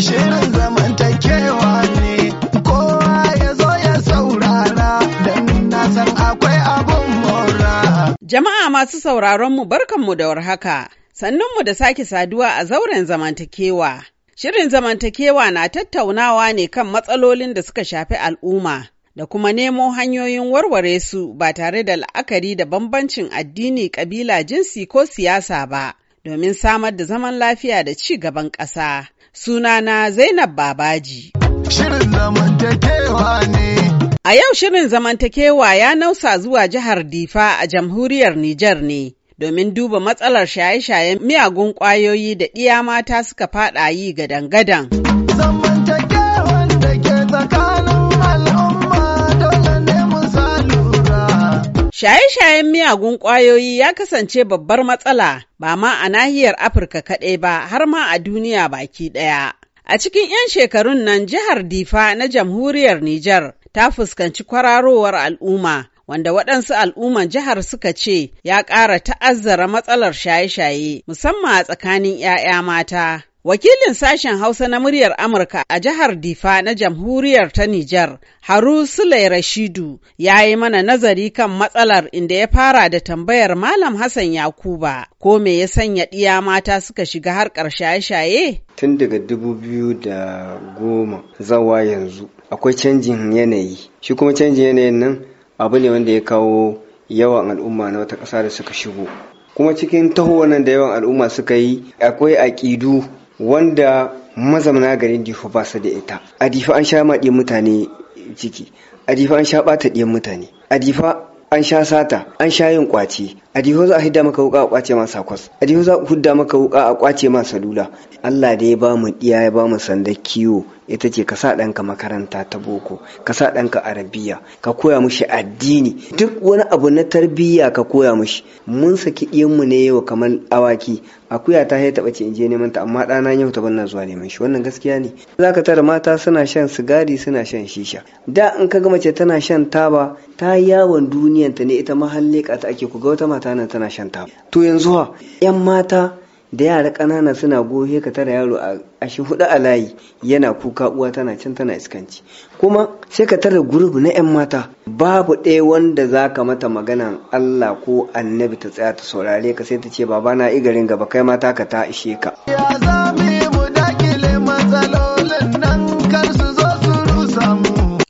Shirin zamantakewa ne kowa ya ya saurara don na akwai abun mora. Jama'a masu sauraron mu barkanmu da warhaka. mu da sake saduwa a zauren zamantakewa. Shirin zamantakewa na tattaunawa ne kan matsalolin da suka shafi al'umma da kuma nemo hanyoyin warware su ba tare da la'akari da bambancin addini, kabila, jinsi ko siyasa ba. domin samar da zaman lafiya da ci gaban ƙasa. Sunana Zainab Babaji. Shirin zamantakewa ne. A yau shirin zamantakewa ya nausa zuwa jihar Difa a jamhuriyar Nijar ne. domin duba matsalar shaye-shayen miyagun ƙwayoyi da ɗiya mata suka faɗa yi gadan-gadan. Shaye-shayen miyagun ƙwayoyi ya kasance babbar matsala ba ma a nahiyar Afirka kaɗai ba har ma a duniya baki ɗaya. A cikin 'yan shekarun nan jihar Difa na jamhuriyar Nijar ta fuskanci kwararowar al'umma wanda waɗansu al'umman jihar suka ce ya ƙara ta'azzara matsalar shaye-shaye musamman a tsakanin 'ya'ya mata. Wakilin sashen Hausa na muryar Amurka a jihar Difa na jamhuriyar ta Nijar, Haru Sulai Rashidu, ya yi mana nazari kan matsalar inda ya fara da tambayar Malam Hassan Yakuba, ko me ya sanya ɗiya mata suka shiga harkar shaye-shaye? Tun daga dubu biyu da goma zawa yanzu, akwai canjin yanayi. Shi kuma canjin yanayin nan abu ne wanda ya kawo yawan al'umma na wata ƙasa da suka shigo. kuma cikin taho nan da yawan al'umma suka yi akwai aƙidu wanda mazamna garin difa ba su da ita a difa an sha maɗe mutane ciki a difa an sha ɓata ɗiyan mutane a difa an sha sata an sha yin ƙwace a diho za a hidda maka wuka a kwace masa kwas a diho za a hudda maka wuka a kwace ma salula Allah da ya ba mu iya ya ba mu sanda kiwo ita ce ka sa ɗanka makaranta ta boko ka sa ɗanka arabiya ka koya mushi addini duk wani abu na tarbiyya ka koya mushi mun saki mu ne yau kamar awaki akuya ta ya taɓa ce in je neman ta amma ɗana yau ta banna zuwa neman shi wannan gaskiya ne za ka tara mata suna shan sigari suna shan shisha da in ka ga mace tana shan taba ta yawon duniyanta ne ita mahalle ta ake ku ga wata mata nan tana shan taba to yanzu ha yan mata da yara ƙanana suna gohe ka tara yaro a ashi hudu a layi yana kuka uwa tana can tana iskanci kuma sai ka tara gurubu na 'yan mata babu ɗaya wanda za ka mata maganan Allah ko annabi ta tsaya ta saurare ka sai ta ce baba na igarin gaba kai mata ka ta ishe ka ya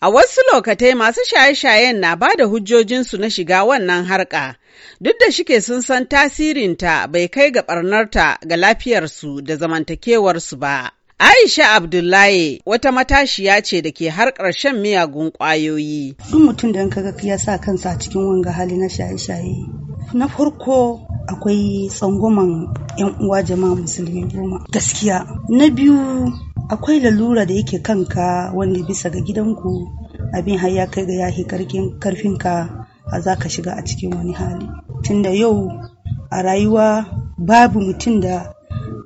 A wasu lokatai masu shaye-shayen na ba da hujjojinsu na shiga wannan harka, duk da shike sun san tasirinta bai kai ga barnarta ga lafiyarsu da zamantakewarsu ba. Aisha Abdullahi wata matashiya ce da ke harkar shan miyagun ƙwayoyi. Duk mutum da kaga ya sa kansa cikin wanga hali na shaye-shaye. Na farko akwai tsangwaman 'yan uwa jama'a musulmi goma. Gaskiya. Na biyu akwai lalura da yake kanka wanda bisa ga gidanku abin har ya kai ga yahi karfin ka za ka shiga a cikin wani hali. tunda yau a rayuwa babu mutum da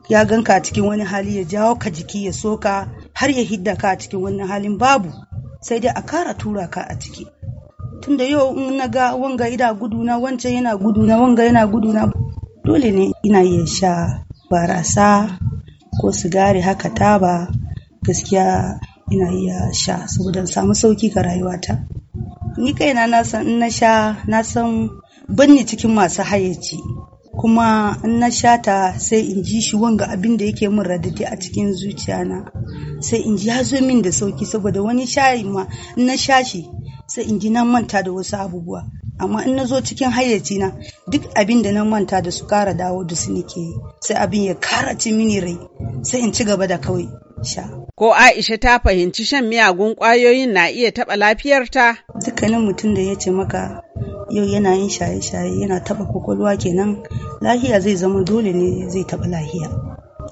ya ganka a cikin wani hali ya jawo ka jiki ya soka har ya hidda ka a cikin wannan halin babu sai dai a kara tura ka a ciki tunda yau in na ga wanga ina guduna wancan yana guduna wanga yana guduna dole ne ina iya sha barasa ko sigari haka taba gaskiya ina iya sha saboda samu sauki ga rayuwata ni kaina na san na sha na san banni cikin masu hayyaci kuma in na shata sai in ji shi wanga abin da yake min radadi a cikin zuciyana sai in ji ya zo min da sauki saboda wani shayi ma in na sha shi sai in ji na manta da wasu abubuwa amma in na zo cikin hayyaci na duk abin da na manta da su kara dawo da su nike sai abin ya kara ci mini rai sai in ci gaba da kawai sha Ko Aisha ta fahimci shan miyagun ƙwayoyin na iya taba lafiyarta? Dukkanin mutum da ya ce maka yau yana yin shaye-shaye yana taba kwakwalwa kenan lahiya zai zama dole ne zai taba lahiya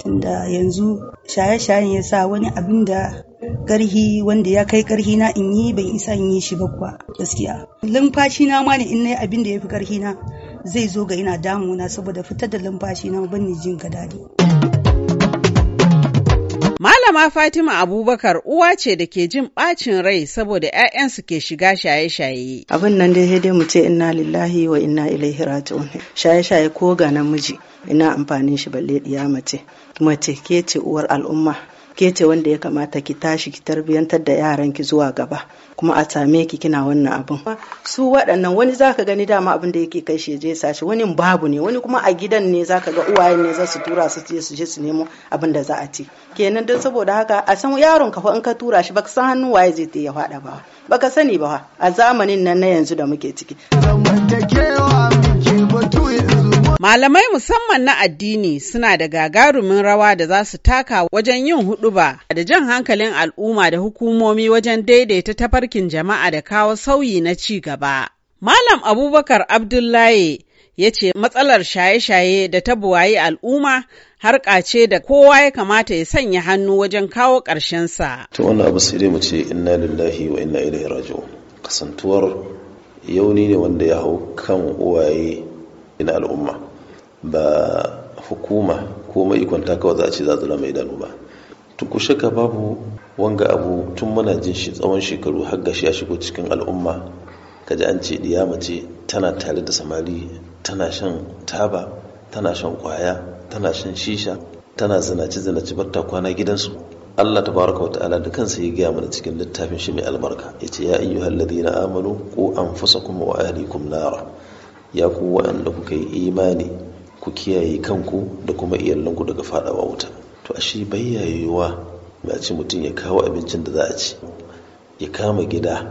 tunda yanzu shaye-shayen ya sa wani abin da karhi wanda ya kai karhi na in yi ban isa in yi shi ba kuwa gaskiya lumfashi na ma ne in nayi abin da ya fi karhi na zai zo ga yana damuna saboda fitar da lumfashi na ban ni jin ka Malama Fatima Abubakar uwa ce da ke jin bacin rai saboda 'ya'yansu ke shiga shaye-shaye. Abin nan dai dai mu ce inna lillahi wa inna ilaihi raji'un. Shaye-shaye ko ga namiji ina amfanin shi balle diya mace. Mace ke ce uwar al'umma ke ce wanda ya kamata ki tashi ki tarbiyantar da yaran ki zuwa gaba kuma a same ki kina wannan abin su waɗannan wani zaka gani dama abin da yake kai shi je sashi wani babu ne wani kuma a gidan ne zaka ga uwaye ne za su tura su je su je su nemo abin da za a ci kenan don saboda haka a san yaron ka in ka tura shi baka san hannu waye zai ya faɗa ba baka sani ba a zamanin nan na yanzu da muke ciki Malamai musamman na addini suna da gagarumin rawa da za su taka wajen yin huɗuba da jan hankalin al'umma da hukumomi wajen daidaita tafarkin jama'a da kawo sauyi na ci gaba. Malam Abubakar Abdullahi ya ce matsalar shaye-shaye da ta buwayi al'umma har ce da kowa ya kamata ya sanya hannu wajen kawo sa. To wani abu sai dai mu ce inna lillahi wa inna ilaihi raji'un. Kasantuwar yauni ne wanda ya hau kan uwaye na al'umma. ba hukuma ko maikwanta kawai za a ce za su mai idanu ba tukushe ka babu wanga abu tun muna jin shi tsawon shekaru har gashi ya shigo cikin al'umma Ka ji an ce diya mace tana tare da samari tana shan taba tana shan kwaya tana shan shisha tana zinaci zinaci barta kwana gidansu Allah Ta baraka wata'ala da kansa ya gaya mana cikin littafin shi mai albarka Ya ce ya ayyuhal ko amanu qu anfusakum wa ahlikum nara ya ku wa'anda kuka yi imani ku kiyaye kanku da kuma iyalanku daga fadawa wuta to ashe bayyayewa ba ce mutum ya kawo abincin da za a ci ya kama gida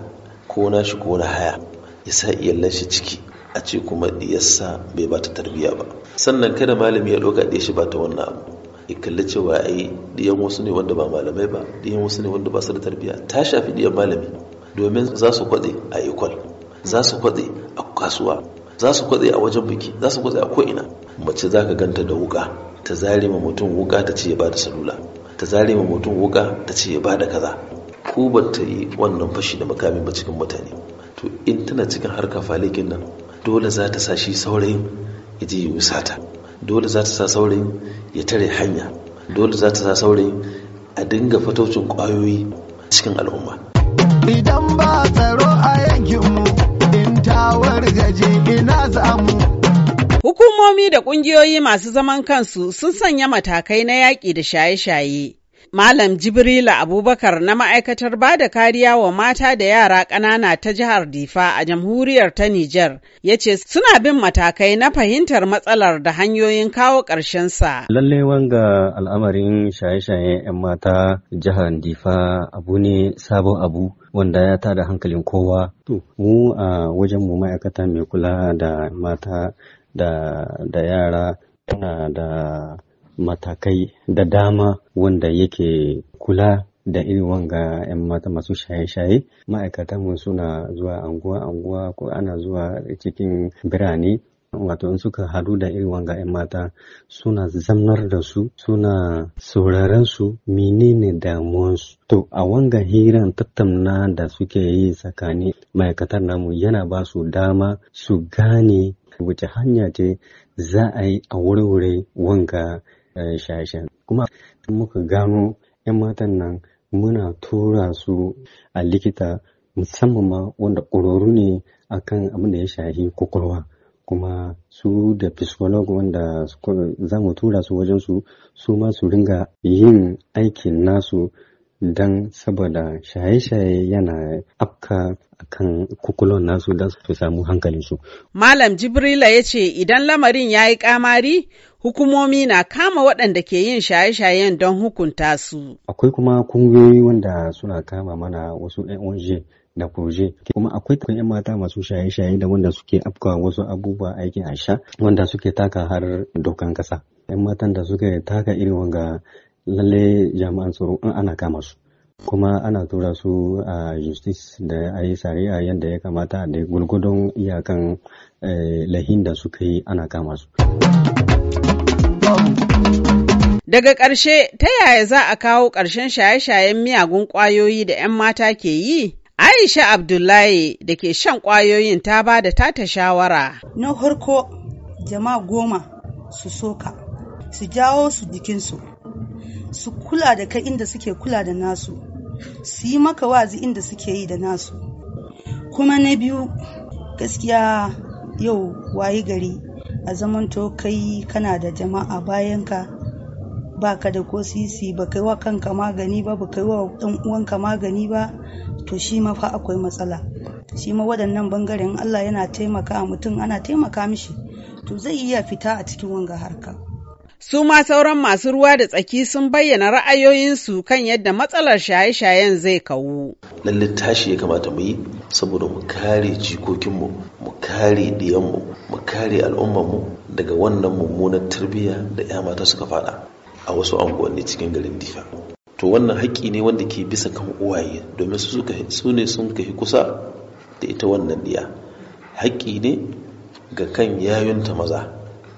ko na shi ko na haya ya sa iyalan shi ciki a ce kuma diyarsa bai ba ta tarbiyya ba sannan kada malami ya ɗauka ɗaya shi ba ta wannan abu ya kalli cewa ai ɗiyan wasu ne wanda ba malamai ba ɗiyan wasu ne wanda ba su da tarbiyya ta shafi ɗiyan malami domin za su kwatse a ikwal za su kwatse a kasuwa za su kwatsi a wajen biki za su kwatsi a ko'ina mace za ka ganta da wuka ta zare ma mutum wuka ta ce ya bada salula ta zare ma mutum wuka ta ce ya bada kaza ko ba ta yi wannan fashi da makami ba cikin mutane to in tana cikin harka falikin nan dole za ta sa shi saurayin ya je ya sata dole za ta sa saurayin ya tare hanya dole za ta sa saurayin a dinga fataucin kwayoyi cikin al'umma idan ba tsaro Hukumomi da ƙungiyoyi masu zaman kansu sun sanya matakai na yaƙi da shaye-shaye Malam Jibrila Abubakar na ma'aikatar ba da kariya wa mata da yara ƙanana ta jihar Difa a jamhuriyar ta Nijar ya ce suna bin matakai na fahimtar matsalar da hanyoyin kawo sa. Lalle wanga al'amarin shaye shaye 'yan mata jihar Difa abu ne sabon abu wanda ya tada hankalin kowa. Mu a wajen mu ma'aikata mai kula da mata da yara tana da matakai da dama wanda yake kula da irin wanga 'yan mata masu shaye-shaye ma'aikatanmu suna zuwa anguwa-anguwa ko ana zuwa cikin birane wato in suka hadu da irin wanga 'yan mata suna zamnar da su suna sauraren su menene damuwansu to a wanga hiran tattauna da suke yi tsakanin ma'aikatar namu yana ba su dama su gane wace hanya ce za a yi a wurwure wanga Eh, shashen kuma kuma muka gano 'yan matan nan muna tura su a likita musamman ma wanda ƙwararru ne akan abin da ya shahi kwakwalwa kuma su da psycholog wanda za mu tura su wajen su su ma su ringa yin aikin nasu don saboda shaye-shaye yana afka kan kukulon nasu don su samu su. Malam Jibrila ya ce idan lamarin ya yi kamari hukumomi na kama waɗanda ke yin shaye-shayen don hukunta su. Akwai kuma kungiyoyi wanda suna kama mana wasu ONG da kurje kuma akwai kan yan mata masu shaye-shaye da wanda suke afkawa wasu abubuwa aikin aisha wanda suke taka har dokan kasa yan matan da suke taka irin wanga lalle jami'an tsaro in ana kama su kuma ana tura su a justice da a yi shari'a yadda ya kamata da gulgudun iyakan eh, lahin da suka yi ana kama su. Daga ƙarshe ta yaya za a kawo ƙarshen shaye-shayen miyagun ƙwayoyi da 'yan mata ke yi? Aisha Abdullahi da ke shan ƙwayoyin ta ba da tata shawara. Na harko jama'a goma su soka, su jawo su jikinsu. su kula da kai inda suke kula da nasu su yi maka wazi inda suke yi da nasu kuma na biyu gaskiya yau wayi gari a zamanto kai kana da jama'a bayanka ka da ko sisi ba kai wa kanka magani ba ba kai wa ɗan uwanka magani ba to shi ma fa akwai matsala shi ma waɗannan bangaren Allah yana taimaka mutum ana taimaka mishi to zai iya fita a cikin wanga harka Su ma sauran masu ruwa da tsaki sun bayyana ra'ayoyinsu kan yadda matsalar shaye-shayen zai kawu. Lalle tashi ya kamata mu yi saboda mu kare jikokinmu, mu kare diyanmu, mu kare al'ummarmu daga wannan mummunar tarbiyya da 'ya mata suka fada a wasu anguwanni cikin garin Difa. To wannan haƙƙi ne wanda ke bisa kan uwaye domin su ne sun kai kusa da ita wannan diya. Haƙƙi ne ga kan yayunta maza,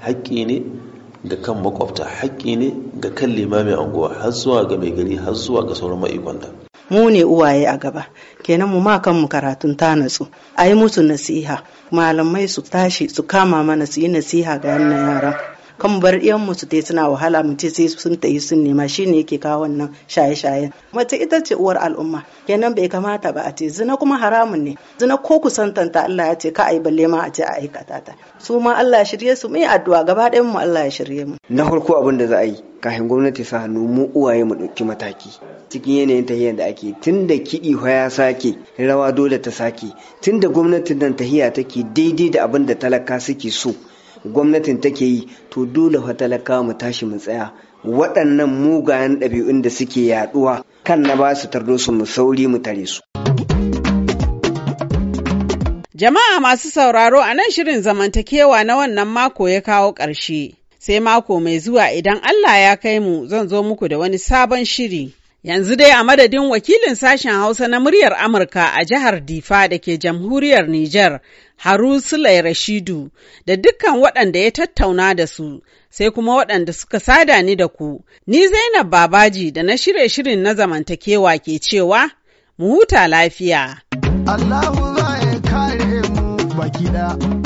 haƙƙi ne ga kan makwabta haƙƙi ne ga kan limamin anguwa har zuwa ga mai gari har zuwa ga sauran ma'ikwanta mu ne uwaye a gaba kenan mu ma kanmu karatun ta natsu a yi musu nasiha malamai su tashi su kama mana su yi nasiha ga yanayin yaran kan bar mu su tai suna wahala mu ce sai sun tayi sun nema shine yake kawo wannan shaye-shayen mace ita ce uwar al'umma kenan bai kamata ba a ce zina kuma haramun ne zina ko santanta Allah ya ce ka ai balle ma a ce a aikata ta su ma Allah ya shirye su mu yi addu'a gaba ɗayan mu Allah ya shirye mu na farko abin da za a yi kafin gwamnati sa hannu mu uwaye mu ɗauki mataki cikin yanayin tahiyar da ake tun da kiɗi ya sake rawa dole ta sake tun da gwamnatin nan tahiya take daidai da abin da talaka suke so gwamnatin take yi to dole fa talakawa mu tashi mu tsaya waɗannan mugayen ɗabi'un da suke yaɗuwa kan na ba su tardo su mu sauri mu tare su. Jama'a masu sauraro a nan shirin zamantakewa na wannan mako ya kawo ƙarshe. Sai mako mai zuwa idan Allah ya kai mu zan zo muku da wani sabon shiri. Yanzu dai a madadin wakilin sashen Hausa na muryar Amurka a jihar Difa da ke jamhuriyar Nijar, Haru Sulai Rashidu da dukkan waɗanda ya tattauna da su, sai kuma waɗanda suka sada ni da ku. Ni Zainab Babaji da na shirye shirin na zamantakewa ke cewa, mu huta lafiya. Allahu za ya mu baki